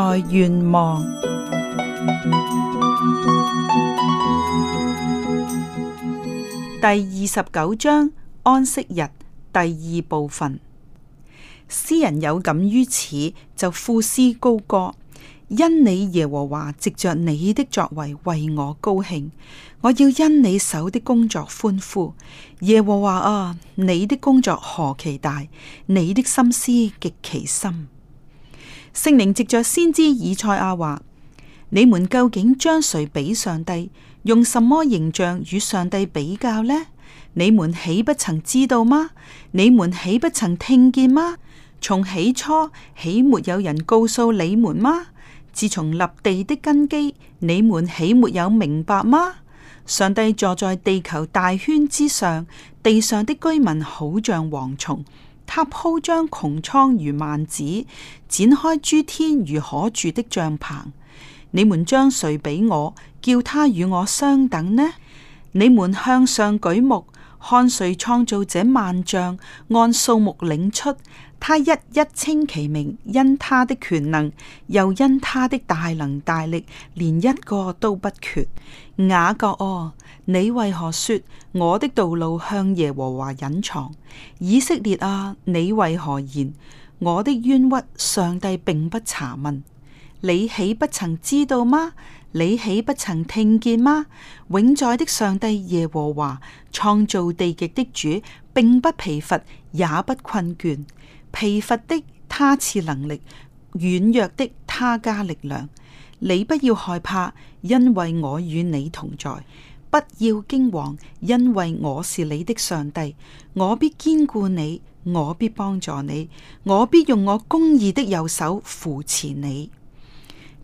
在願望第二十九章安息日第二部分，詩人有感於此，就賦詩高歌：因你耶和華，藉着你的作為，為我高興；我要因你手的工作歡呼。耶和華啊，你的工作何其大，你的心思極其深。聖靈藉着先知以賽亞話：你們究竟將誰比上帝？用什麼形象與上帝比較呢？你們豈不曾知道嗎？你們豈不曾聽見嗎？從起初豈沒有人告訴你們嗎？自從立地的根基，你們豈沒有明白嗎？上帝坐在地球大圈之上，地上的居民好像蝗蟲。他鋪張穹蒼如幔子，展開諸天如可住的帳棚。你們將誰比我，叫他與我相等呢？你們向上舉目，看誰創造這萬象，按數目領出。他一一稱其名，因他的權能，又因他的大能大力，連一個都不缺。雅各哦、啊，你為何說我的道路向耶和華隱藏？以色列啊，你為何言我的冤屈上帝並不查問。你豈不曾知道嗎？你豈不曾聽見嗎？永在的上帝耶和華，創造地極的主，並不疲乏，也不困倦。疲乏的他賜能力，軟弱的他加力量。你不要害怕，因為我與你同在；不要驚惶，因為我是你的上帝。我必堅固你，我必幫助你，我必用我公義的右手扶持你。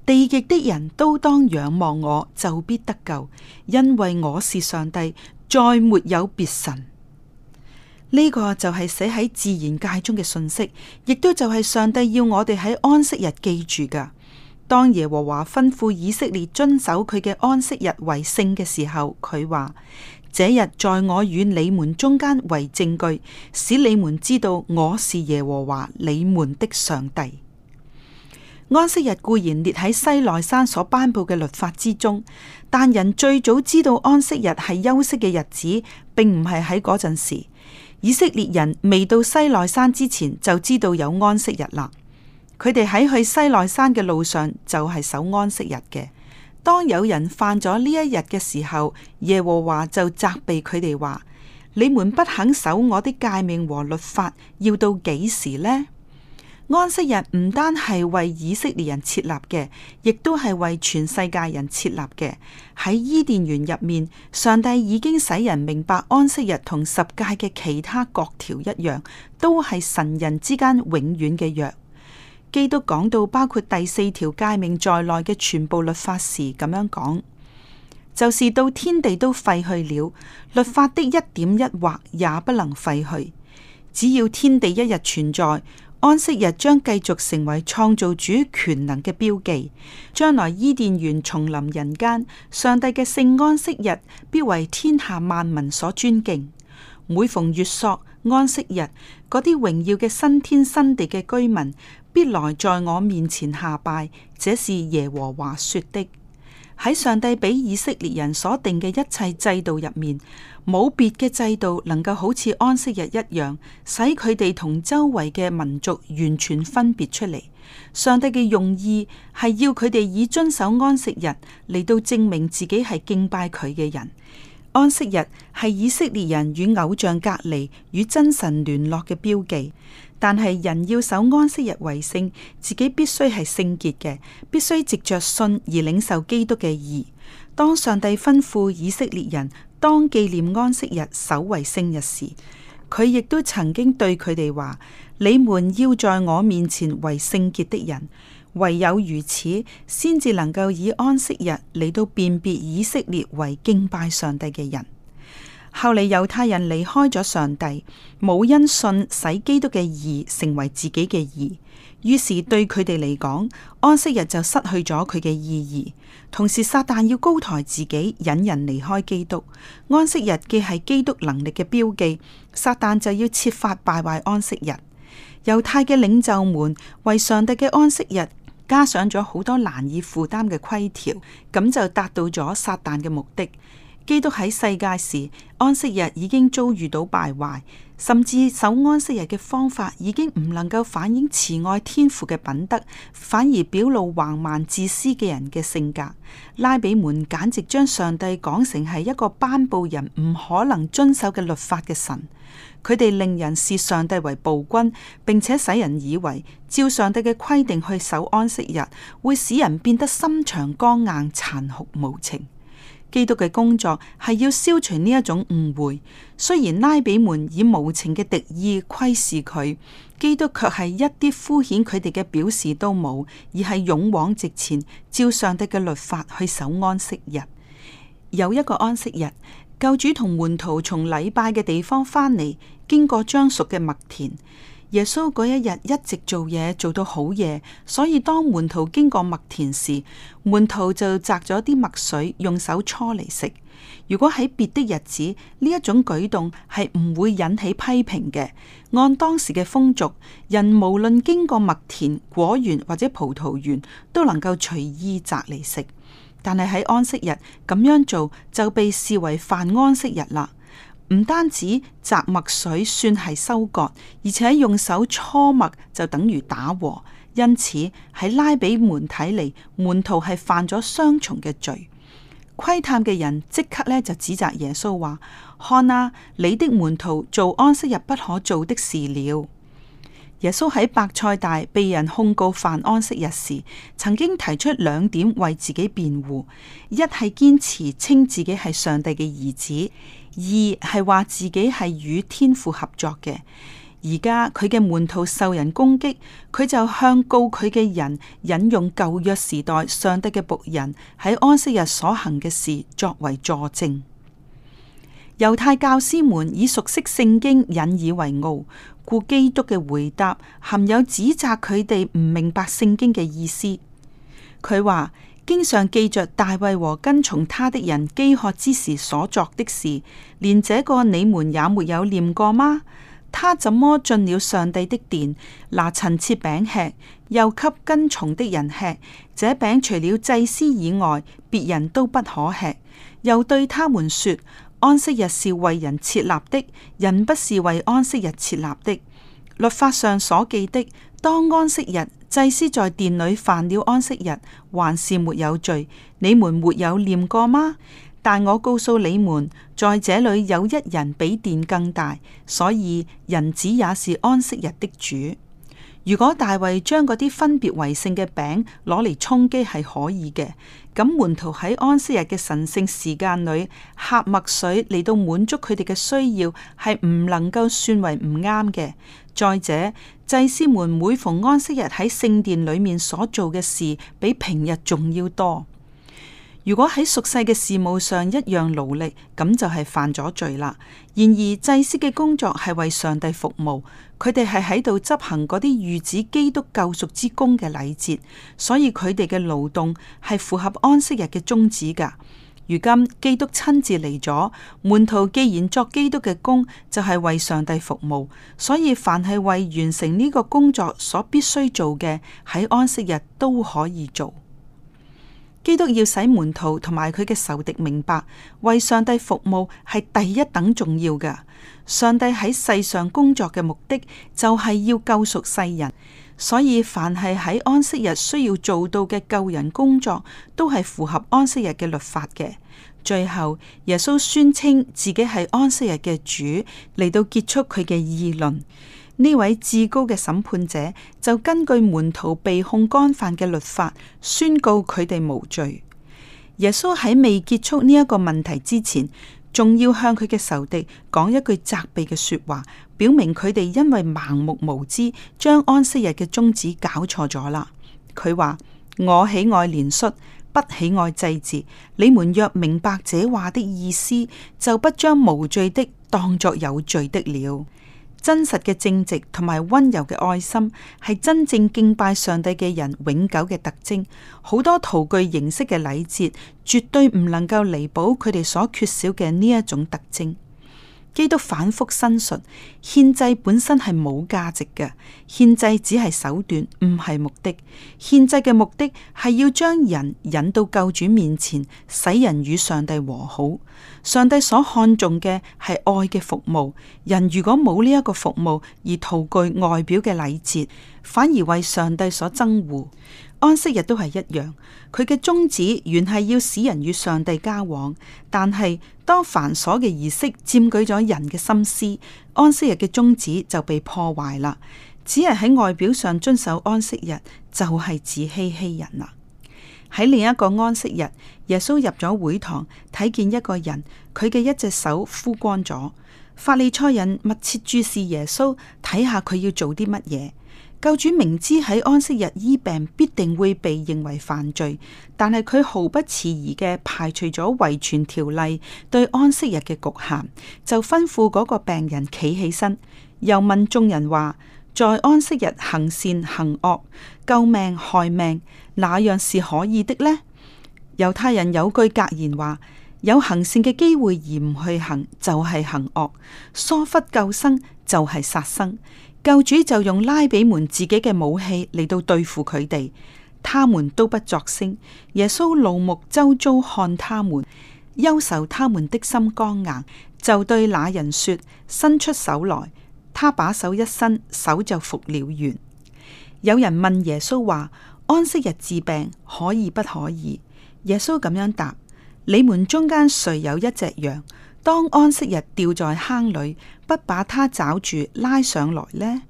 地極的人都當仰望我，就必得救，因為我是上帝，再沒有別神。呢個就係寫喺自然界中嘅信息，亦都就係上帝要我哋喺安息日記住噶。當耶和華吩咐以色列遵守佢嘅安息日為聖嘅時候，佢話：這日在我與你們中間為證據，使你們知道我是耶和華你們的上帝。安息日固然列喺西奈山所頒布嘅律法之中，但人最早知道安息日係休息嘅日子，並唔係喺嗰陣時。以色列人未到西奈山之前，就知道有安息日啦。佢哋喺去西奈山嘅路上就係守安息日嘅。當有人犯咗呢一日嘅時候，耶和華就責備佢哋話：你們不肯守我的誡命和律法，要到幾時呢？安息日唔單係為以色列人設立嘅，亦都係為全世界人設立嘅。喺伊甸園入面，上帝已經使人明白安息日同十誡嘅其他各條一樣，都係神人之間永遠嘅約。基督講到包括第四條誡命在內嘅全部律法時，咁樣講，就是到天地都廢去了，律法的一點一劃也不能廢去，只要天地一日存在。安息日將繼續成為創造主權能嘅標記。將來伊甸園重臨人間，上帝嘅聖安息日必為天下萬民所尊敬。每逢月朔安息日，嗰啲榮耀嘅新天新地嘅居民必來在我面前下拜，這是耶和華說的。喺上帝俾以色列人所定嘅一切制度入面，冇別嘅制度能夠好似安息日一樣，使佢哋同周圍嘅民族完全分別出嚟。上帝嘅用意係要佢哋以遵守安息日嚟到證明自己係敬拜佢嘅人。安息日係以色列人與偶像隔離、與真神聯絡嘅標記。但係人要守安息日為聖，自己必須係聖潔嘅，必須藉着信而領受基督嘅義。當上帝吩咐以色列人當紀念安息日守為聖日時，佢亦都曾經對佢哋話：你們要在我面前為聖潔的人，唯有如此，先至能夠以安息日嚟到辨別以色列為敬拜上帝嘅人。後嚟猶太人離開咗上帝，冇因信使基督嘅義成為自己嘅義，於是對佢哋嚟講，安息日就失去咗佢嘅意義。同時，撒旦要高抬自己，引人離開基督。安息日既係基督能力嘅標記，撒旦就要設法敗壞安息日。猶太嘅領袖們為上帝嘅安息日加上咗好多難以負擔嘅規條，咁就達到咗撒旦嘅目的。基督喺世界時，安息日已經遭遇到敗壞，甚至守安息日嘅方法已經唔能夠反映慈愛天父嘅品德，反而表露橫蠻自私嘅人嘅性格。拉比們簡直將上帝講成係一個頒布人唔可能遵守嘅律法嘅神，佢哋令人視上帝為暴君，並且使人以為照上帝嘅規定去守安息日，會使人變得心腸剛硬、殘酷無情。基督嘅工作係要消除呢一種誤會，雖然拉比們以無情嘅敵意窺視佢，基督卻係一啲敷衍佢哋嘅表示都冇，而係勇往直前，照上帝嘅律法去守安息日。有一個安息日，救主同門徒從禮拜嘅地方返嚟，經過將熟嘅麥田。耶穌嗰一日一直做嘢做到好夜，所以當門徒經過麥田時，門徒就摘咗啲麥穗用手搓嚟食。如果喺別的日子，呢一種舉動係唔會引起批評嘅。按當時嘅風俗，人無論經過麥田、果園或者葡萄園，都能夠隨意摘嚟食。但係喺安息日咁樣做，就被視為犯安息日啦。唔單止摘麥穗算係收割，而且用手搓麥就等於打禾，因此喺拉比門睇嚟，門徒係犯咗雙重嘅罪。窺探嘅人即刻呢就指責耶穌話：看啊，你的門徒做安息日不可做的事了。耶穌喺畢士大被人控告犯安息日時，曾經提出兩點為自己辯護：一係堅持稱自己係上帝嘅兒子。二係話自己係與天父合作嘅。而家佢嘅門徒受人攻擊，佢就向告佢嘅人引用舊約時代上帝嘅僕人喺安息日所行嘅事作為佐證。猶太教師們以熟悉聖經引以為傲，故基督嘅回答含有指責佢哋唔明白聖經嘅意思。佢話：經常記着大衛和跟從他的人飢渴之時所作的事，連這個你們也沒有念過嗎？他怎麼進了上帝的殿拿陳設餅吃，又給跟從的人吃？這餅除了祭司以外，別人都不可吃。又對他們說：安息日是為人設立的，人不是為安息日設立的。律法上所記的，當安息日。祭司在殿裏犯了安息日，還是沒有罪？你們沒有念過嗎？但我告訴你們，在這裏有一人比殿更大，所以人子也是安息日的主。如果大衛將嗰啲分別為聖嘅餅攞嚟充飢係可以嘅，咁門徒喺安息日嘅神聖時間裏掐麥穗嚟到滿足佢哋嘅需要，係唔能夠算為唔啱嘅。再者，祭司們每逢安息日喺聖殿裏面所做嘅事，比平日仲要多。如果喺俗世嘅事務上一樣勞力，咁就係犯咗罪啦。然而，祭司嘅工作係為上帝服務，佢哋係喺度執行嗰啲預指基督救贖之功嘅禮節，所以佢哋嘅勞動係符合安息日嘅宗旨噶。如今基督親自嚟咗，門徒既然作基督嘅工，就係為上帝服務，所以凡係為完成呢個工作所必須做嘅，喺安息日都可以做。基督要使門徒同埋佢嘅仇敵明白，為上帝服務係第一等重要嘅。上帝喺世上工作嘅目的，就係要救贖世人。所以，凡係喺安息日需要做到嘅救人工作，都係符合安息日嘅律法嘅。最後，耶穌宣稱自己係安息日嘅主，嚟到結束佢嘅議論。呢位至高嘅審判者，就根據門徒被控干犯嘅律法，宣告佢哋無罪。耶穌喺未結束呢一個問題之前。仲要向佢嘅仇敵講一句責備嘅說話，表明佢哋因為盲目無知，將安息日嘅宗旨搞錯咗啦。佢話：我喜愛憐恤，不喜愛祭祀。你們若明白這話的意思，就不將無罪的當作有罪的了。真實嘅正直同埋溫柔嘅愛心，係真正敬拜上帝嘅人永久嘅特徵。好多徒具形式嘅禮節，絕對唔能夠彌補佢哋所缺少嘅呢一種特徵。基督反覆申述，獻祭本身係冇價值嘅，獻祭只係手段，唔係目的。獻祭嘅目的係要將人引到救主面前，使人與上帝和好。上帝所看重嘅係愛嘅服務。人如果冇呢一個服務而徒具外表嘅禮節，反而為上帝所憎惡。安息日都係一樣，佢嘅宗旨原係要使人與上帝交往，但係，當繁瑣嘅儀式佔據咗人嘅心思，安息日嘅宗旨就被破壞啦。只係喺外表上遵守安息日，就係、是、自欺欺人啦。喺另一個安息日，耶穌入咗會堂，睇見一個人，佢嘅一隻手枯乾咗。法利賽人密切注視耶穌，睇下佢要做啲乜嘢。救主明知喺安息日醫病必定會被認為犯罪，但係佢毫不遲疑嘅排除咗遺傳條例對安息日嘅局限，就吩咐嗰個病人企起身，又問眾人話：在安息日行善行惡、救命害命，哪樣是可以的呢？猶太人有句格言話：有行善嘅機會而唔去行，就係行惡；疏忽救生就係殺生。救主就用拉比們自己嘅武器嚟到對付佢哋，他們都不作聲。耶穌怒目周遭看他們，憂愁他們的心剛硬，就對那人說：伸出手來。他把手一伸，手就復了原。有人問耶穌話：安息日治病可以不可以？耶穌咁樣答：你們中間誰有一隻羊？當安息日掉在坑裏，不把他抓住拉上來呢？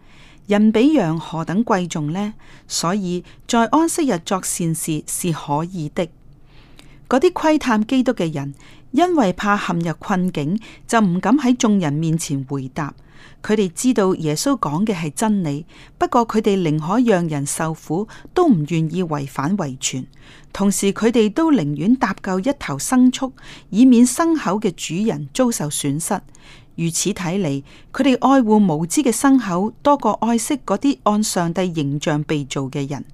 人比羊何等貴重呢？所以在安息日作善事是可以的。嗰啲窺探基督嘅人，因為怕陷入困境，就唔敢喺眾人面前回答。佢哋知道耶穌講嘅係真理，不過佢哋寧可讓人受苦，都唔願意違反遺傳。同時，佢哋都寧願搭救一頭牲畜，以免牲口嘅主人遭受損失。如此睇嚟，佢哋愛護無知嘅牲口，多過愛惜嗰啲按上帝形象被造嘅人。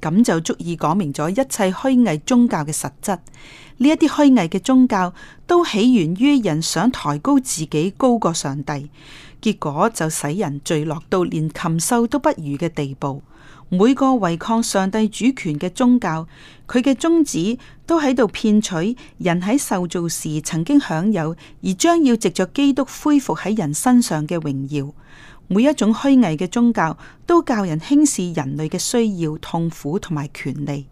咁就足以講明咗一切虛偽宗教嘅實質。呢一啲虛偽嘅宗教都起源於人想抬高自己高過上帝。結果就使人墜落到連禽獸都不如嘅地步。每個違抗上帝主權嘅宗教，佢嘅宗旨都喺度騙取人喺受造時曾經享有，而將要藉着基督恢復喺人身上嘅榮耀。每一種虛偽嘅宗教，都教人輕視人類嘅需要、痛苦同埋權利。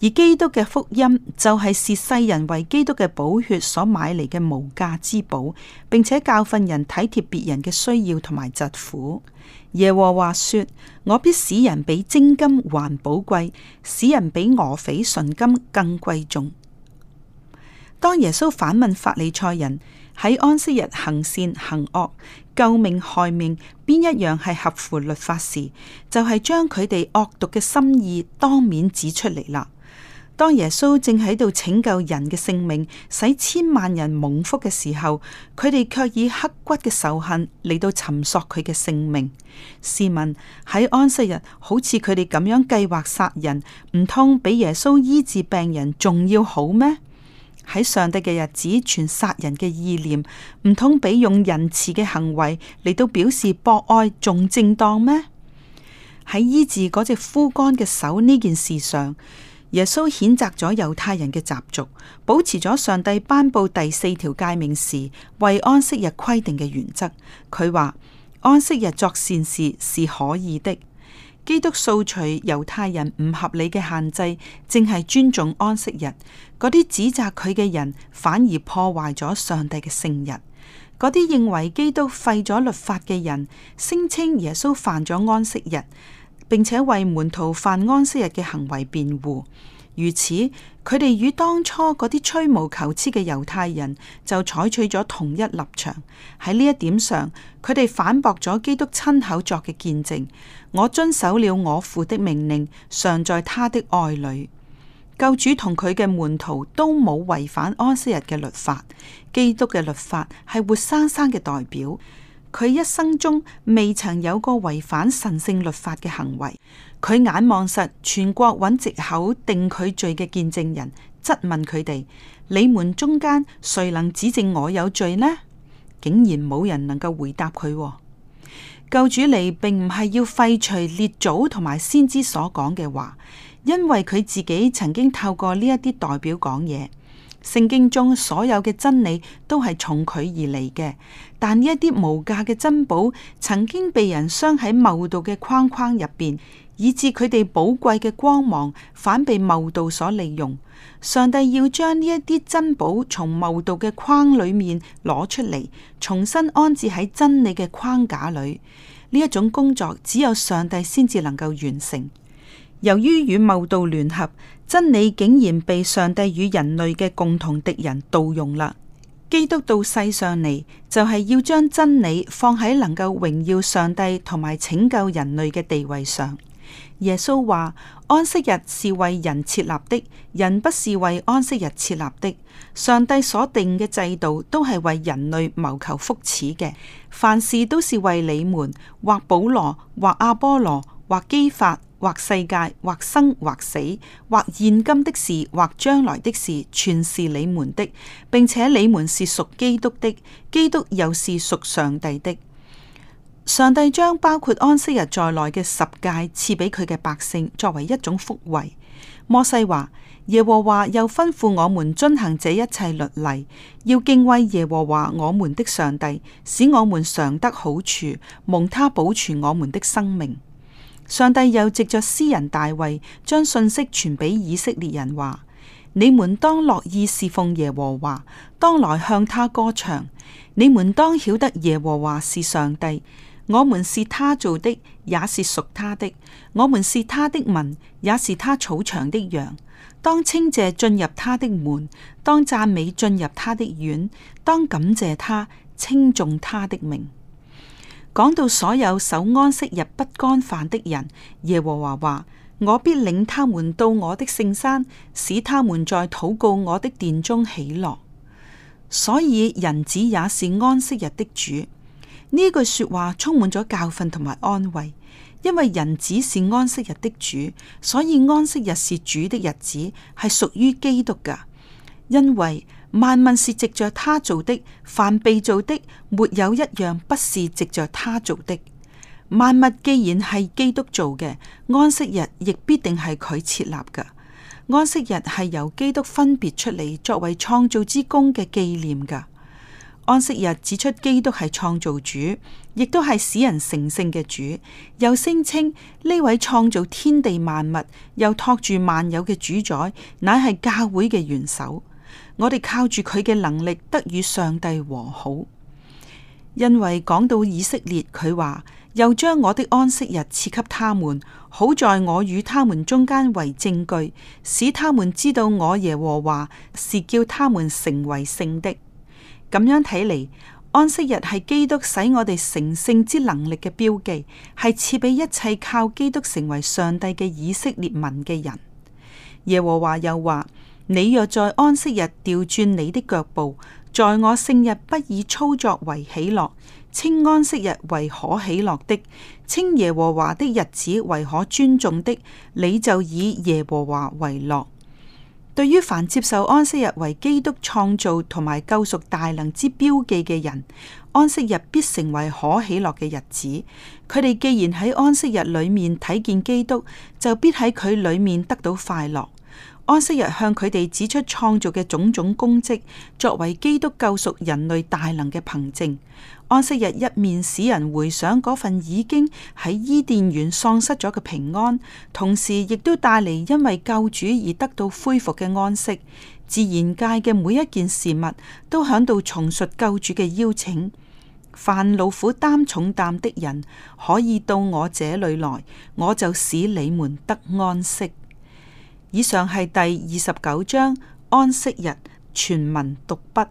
而基督嘅福音就係視世人為基督嘅寶血所買嚟嘅無價之寶，並且教訓人體貼別人嘅需要同埋疾苦。耶和華說：我必使人比精金還寶貴，使人比俄斐純金更貴重。當耶穌反問法利賽人喺安息日行善行惡、救命害命邊一樣係合乎律法時，就係、是、將佢哋惡毒嘅心意當面指出嚟啦。當耶穌正喺度拯救人嘅性命，使千萬人蒙福嘅時候，佢哋卻以刻骨嘅仇恨嚟到尋索佢嘅性命。試問喺安息日，好似佢哋咁樣計劃殺人，唔通比耶穌醫治病人仲要好咩？喺上帝嘅日子傳殺人嘅意念，唔通比用仁慈嘅行為嚟到表示博愛仲正當咩？喺醫治嗰隻枯乾嘅手呢件事上。耶穌譴責咗猶太人嘅習俗，保持咗上帝頒布第四條誡命時為安息日規定嘅原則。佢話安息日作善事是可以的。基督掃除猶太人唔合理嘅限制，正係尊重安息日。嗰啲指責佢嘅人反而破壞咗上帝嘅聖日。嗰啲認為基督廢咗律法嘅人，聲稱耶穌犯咗安息日。並且為門徒犯安息日嘅行為辯護，如此，佢哋與當初嗰啲吹毛求疵嘅猶太人，就採取咗同一立場。喺呢一點上，佢哋反駁咗基督親口作嘅見證：我遵守了我父的命令，常在他的愛裏。救主同佢嘅門徒都冇違反安息日嘅律法。基督嘅律法係活生生嘅代表。佢一生中未曾有個違反神聖律法嘅行為。佢眼望實全國揾藉口定佢罪嘅見證人，質問佢哋：你們中間誰能指證我有罪呢？竟然冇人能夠回答佢喎。救主嚟並唔係要廢除列祖同埋先知所講嘅話，因為佢自己曾經透過呢一啲代表講嘢。聖經中所有嘅真理都係從佢而嚟嘅。但一啲無價嘅珍寶，曾經被人鑲喺謬道嘅框框入邊，以致佢哋寶貴嘅光芒反被謬道所利用。上帝要將呢一啲珍寶從謬道嘅框裏面攞出嚟，重新安置喺真理嘅框架裏。呢一種工作只有上帝先至能夠完成。由於與謬道聯合，真理竟然被上帝與人類嘅共同敵人盜用啦。基督到世上嚟就係要將真理放喺能夠榮耀上帝同埋拯救人類嘅地位上。耶穌話：安息日是為人設立的，人不是為安息日設立的。上帝所定嘅制度都係為人類謀求福祉嘅，凡事都是為你們或保羅或阿波羅或基法。.或世界，或生或死，或現今的事，或將來的事，全是你們的，並且你們是屬基督的，基督又是屬上帝的。上帝將包括安息日在內嘅十誡賜俾佢嘅百姓，作為一種福惠。摩西話：耶和華又吩咐我們遵行這一切律例，要敬畏耶和華我們的上帝，使我們常得好處，蒙他保存我們的生命。上帝又藉着詩人大衛將信息傳俾以色列人話：你們當樂意侍奉耶和華，當來向他歌唱。你們當曉得耶和華是上帝，我們是他做的，也是屬他的。我們是他的民，也是他草場的羊。當稱謝進入他的門，當讚美進入他的院，當感謝他，稱頌他的名。講到所有守安息日不干犯的人，耶和華話：我必領他們到我的聖山，使他們在禱告我的殿中喜樂。所以人子也是安息日的主。呢句說話充滿咗教訓同埋安慰，因為人子是安息日的主，所以安息日是主的日子，係屬於基督噶。因為萬物是藉着他做的，凡被做的，沒有一樣不是藉着他做的。萬物既然係基督做嘅，安息日亦必定係佢設立噶。安息日係由基督分別出嚟，作為創造之功嘅紀念噶。安息日指出基督係創造主，亦都係使人成聖嘅主。又聲稱呢位創造天地萬物，又托住萬有嘅主宰，乃係教會嘅元首。我哋靠住佢嘅能力，得與上帝和好。因為講到以色列，佢話，又將我的安息日賜給他們，好在我與他們中間為證據，使他們知道我耶和華是叫他們成為聖的。咁樣睇嚟，安息日係基督使我哋成聖之能力嘅標記，係賜俾一切靠基督成為上帝嘅以色列民嘅人。耶和華又話。你若在安息日掉轉你的腳步，在我聖日不以操作為喜樂，稱安息日為可喜樂的，稱耶和華的日子為可尊重的，你就以耶和華為樂。對於凡接受安息日為基督創造同埋救贖大能之標記嘅人，安息日必成為可喜樂嘅日子。佢哋既然喺安息日裏面睇見基督，就必喺佢裏面得到快樂。安息日向佢哋指出創造嘅種種功績，作為基督救贖人類大能嘅憑證。安息日一面使人回想嗰份已經喺伊甸園喪失咗嘅平安，同時亦都帶嚟因為救主而得到恢復嘅安息。自然界嘅每一件事物都響度重述救主嘅邀請。凡勞苦擔重擔的人，可以到我這裏來，我就使你們得安息。以上係第二十九章安息日全文讀畢。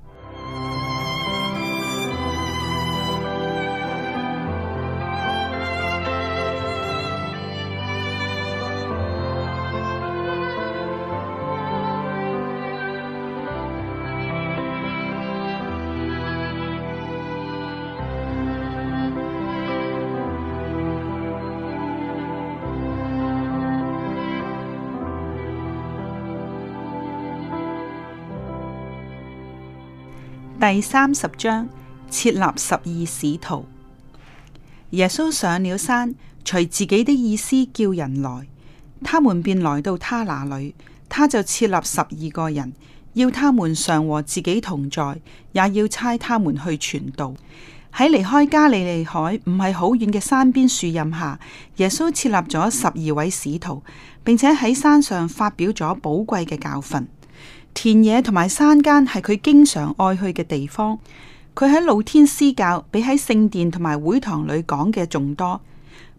第三十章設立十二使徒。耶穌上了山，隨自己的意思叫人來，他們便來到他那裏。他就設立十二個人，要他們常和自己同在，也要差他們去傳道。喺離開加利利海唔係好遠嘅山邊樹蔭下，耶穌設立咗十二位使徒，並且喺山上發表咗寶貴嘅教訓。田野同埋山間係佢經常愛去嘅地方，佢喺露天施教，比喺聖殿同埋會堂裏講嘅仲多。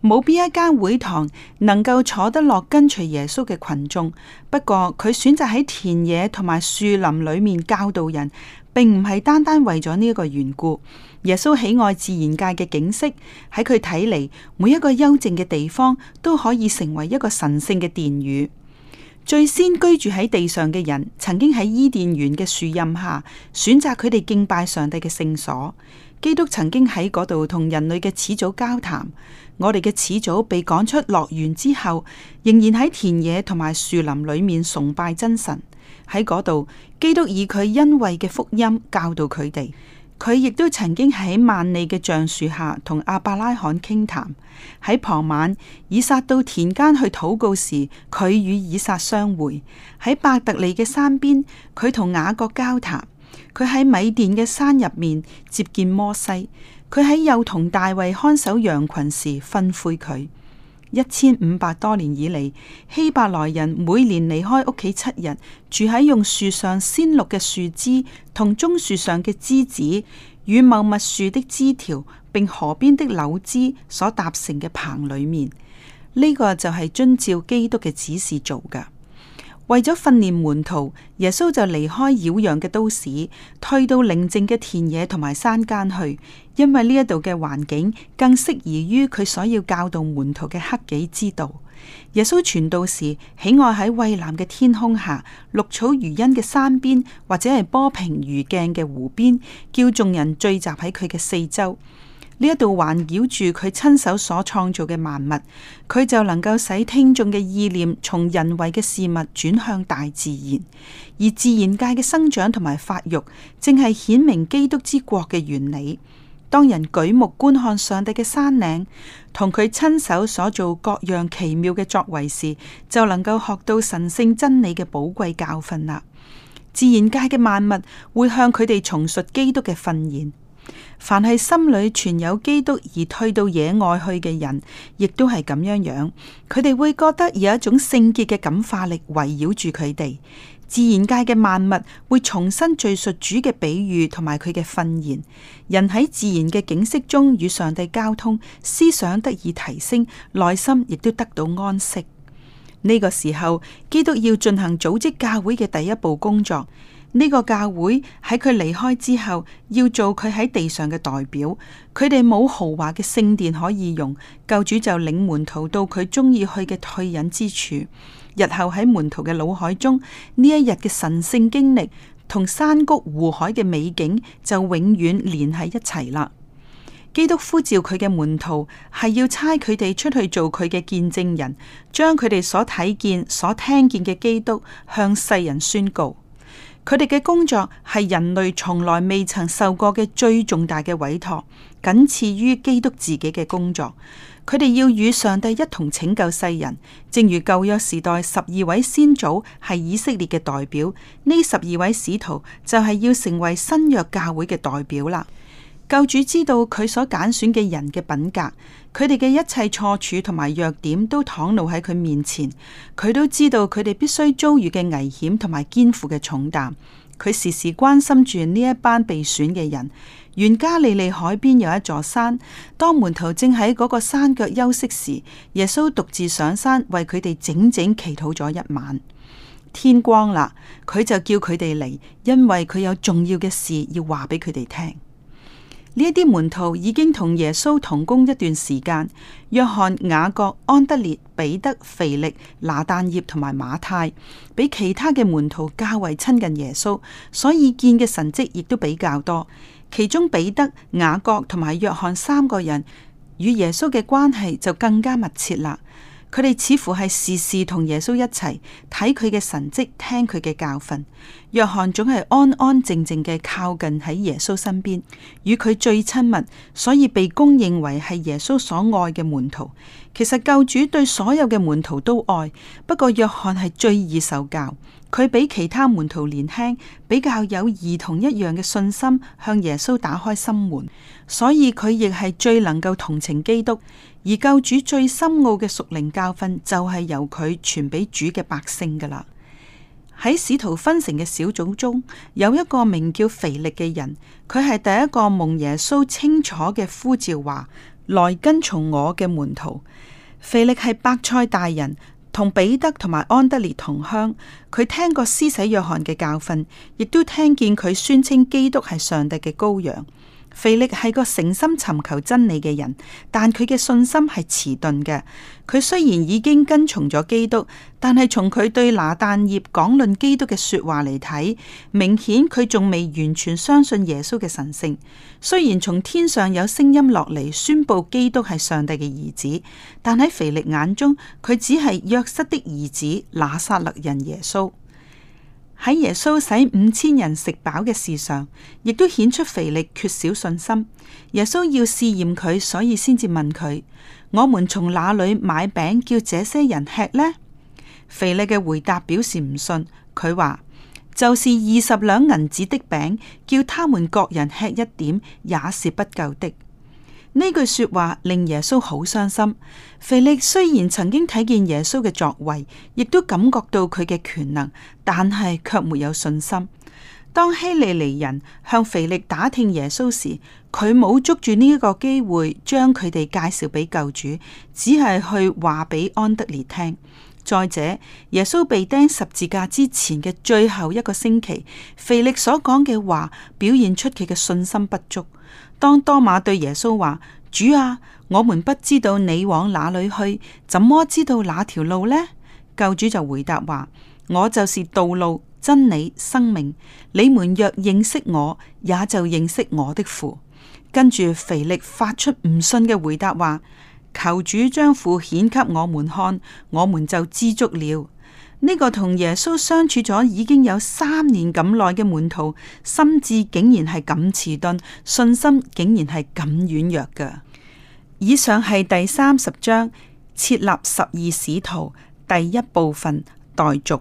冇邊一間會堂能夠坐得落跟隨耶穌嘅群眾。不過佢選擇喺田野同埋樹林裏面教導人，並唔係單單為咗呢一個緣故。耶穌喜愛自然界嘅景色，喺佢睇嚟，每一個幽靜嘅地方都可以成為一個神聖嘅殿宇。最先居住喺地上嘅人，曾經喺伊甸園嘅樹蔭下選擇佢哋敬拜上帝嘅聖所。基督曾經喺嗰度同人類嘅始祖交談。我哋嘅始祖被趕出樂園之後，仍然喺田野同埋樹林裏面崇拜真神。喺嗰度，基督以佢恩惠嘅福音教導佢哋。佢亦都曾經喺萬里嘅橡樹下同阿伯拉罕傾談，談；喺傍晚以撒到田間去禱告時，佢與以撒相會；喺伯特利嘅山邊，佢同雅各交談；佢喺米甸嘅山入面接見摩西；佢喺幼童大衛看守羊群時訓誨佢。一千五百多年以嚟，希伯來人每年離開屋企七日，住喺用樹上鮮綠嘅樹枝、同棕樹上嘅枝子、與茂密樹的枝條，並河邊的柳枝所搭成嘅棚裏面。呢、這個就係遵照基督嘅指示做㗎。為咗訓練門徒，耶穌就離開擾攘嘅都市，退到寧靜嘅田野同埋山間去，因為呢一度嘅環境更適宜於佢所要教導門徒嘅克己之道。耶穌傳道時，喜愛喺蔚藍嘅天空下、綠草如茵嘅山邊，或者係波平如鏡嘅湖邊，叫眾人聚集喺佢嘅四周。呢一度環繞住佢親手所創造嘅萬物，佢就能夠使聽眾嘅意念從人為嘅事物轉向大自然，而自然界嘅生長同埋發育，正係顯明基督之國嘅原理。當人舉目觀看上帝嘅山嶺，同佢親手所做各樣奇妙嘅作為時，就能夠學到神聖真理嘅寶貴教訓啦。自然界嘅萬物會向佢哋重述基督嘅訓言。凡係心裏存有基督而退到野外去嘅人，亦都係咁樣樣。佢哋會覺得有一種聖潔嘅感化力圍繞住佢哋，自然界嘅萬物會重新敘述主嘅比喻同埋佢嘅訓言。人喺自然嘅景色中與上帝交通，思想得以提升，內心亦都得到安息。呢個時候，基督要進行組織教會嘅第一步工作。呢個教會喺佢離開之後要做佢喺地上嘅代表。佢哋冇豪華嘅聖殿可以用，救主就領門徒到佢中意去嘅退隱之處。日後喺門徒嘅腦海中，呢一日嘅神聖經歷同山谷湖海嘅美景就永遠連喺一齊啦。基督呼召佢嘅門徒係要差佢哋出去做佢嘅見證人，將佢哋所睇見、所聽見嘅基督向世人宣告。佢哋嘅工作係人類從來未曾受過嘅最重大嘅委託，僅次於基督自己嘅工作。佢哋要與上帝一同拯救世人，正如舊約時代十二位先祖係以色列嘅代表，呢十二位使徒就係要成為新約教會嘅代表啦。救主知道佢所揀選嘅人嘅品格，佢哋嘅一切錯處同埋弱點都袒露喺佢面前，佢都知道佢哋必須遭遇嘅危險同埋肩負嘅重擔。佢時時關心住呢一班被選嘅人。原加利利海邊有一座山，當門徒正喺嗰個山腳休息時，耶穌獨自上山為佢哋整整祈禱咗一晚。天光啦，佢就叫佢哋嚟，因為佢有重要嘅事要話俾佢哋聽。呢啲門徒已經同耶穌同工一段時間，約翰、雅各、安德烈、彼得、腓力、拿但業同埋馬太，比其他嘅門徒較為親近耶穌，所以見嘅神蹟亦都比較多。其中彼得、雅各同埋約翰三個人與耶穌嘅關係就更加密切啦。佢哋似乎係時時同耶穌一齊睇佢嘅神蹟，聽佢嘅教訓。約翰總係安安靜靜嘅靠近喺耶穌身邊，與佢最親密，所以被公認為係耶穌所愛嘅門徒。其實救主對所有嘅門徒都愛，不過約翰係最易受教。佢比其他門徒年輕，比較有兒童一樣嘅信心，向耶穌打開心門，所以佢亦係最能夠同情基督。而救主最深奧嘅屬靈教訓就係、是、由佢傳俾主嘅百姓噶啦。喺使徒分成嘅小組中，有一個名叫腓力嘅人，佢係第一個蒙耶穌清楚嘅呼召話來跟從我嘅門徒。腓力係伯賽大人，同彼得同埋安德烈同鄉，佢聽過施洗約翰嘅教訓，亦都聽見佢宣稱基督係上帝嘅羔羊。腓力係個誠心尋求真理嘅人，但佢嘅信心係遲鈍嘅。佢雖然已經跟從咗基督，但係從佢對拿但業講論基督嘅說話嚟睇，明顯佢仲未完全相信耶穌嘅神聖。雖然從天上有聲音落嚟宣佈基督係上帝嘅兒子，但喺腓力眼中，佢只係約瑟的兒子，拿撒勒人耶穌。喺耶穌使五千人食飽嘅事上，亦都顯出腓力缺少信心。耶穌要試驗佢，所以先至問佢：我們從哪裏買餅叫這些人吃呢？腓力嘅回答表示唔信，佢話：就是二十兩銀子的餅，叫他們各人吃一點，也是不夠的。呢句說話令耶穌好傷心。腓力雖然曾經睇見耶穌嘅作為，亦都感覺到佢嘅權能，但係卻沒有信心。當希利尼人向腓力打聽耶穌時，佢冇捉住呢一個機會將佢哋介紹俾救主，只係去話俾安德烈聽。再者，耶穌被釘十字架之前嘅最後一個星期，腓力所講嘅話表現出佢嘅信心不足。當多馬對耶穌話：主啊，我們不知道你往哪裏去，怎麼知道那條路呢？救主就回答話：我就是道路、真理、生命，你們若認識我，也就認識我的父。跟住腓力發出唔信嘅回答話：求主將父顯給我們看，我們就知足了。呢個同耶穌相處咗已經有三年咁耐嘅門徒，心智竟然係咁遲鈍，信心竟然係咁軟弱㗎。以上係第三十章設立十二使徒第一部分待續。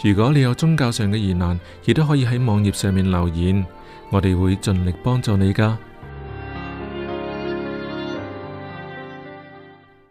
如果你有宗教上嘅疑難，亦都可以喺網頁上面留言，我哋會盡力幫助你㗎。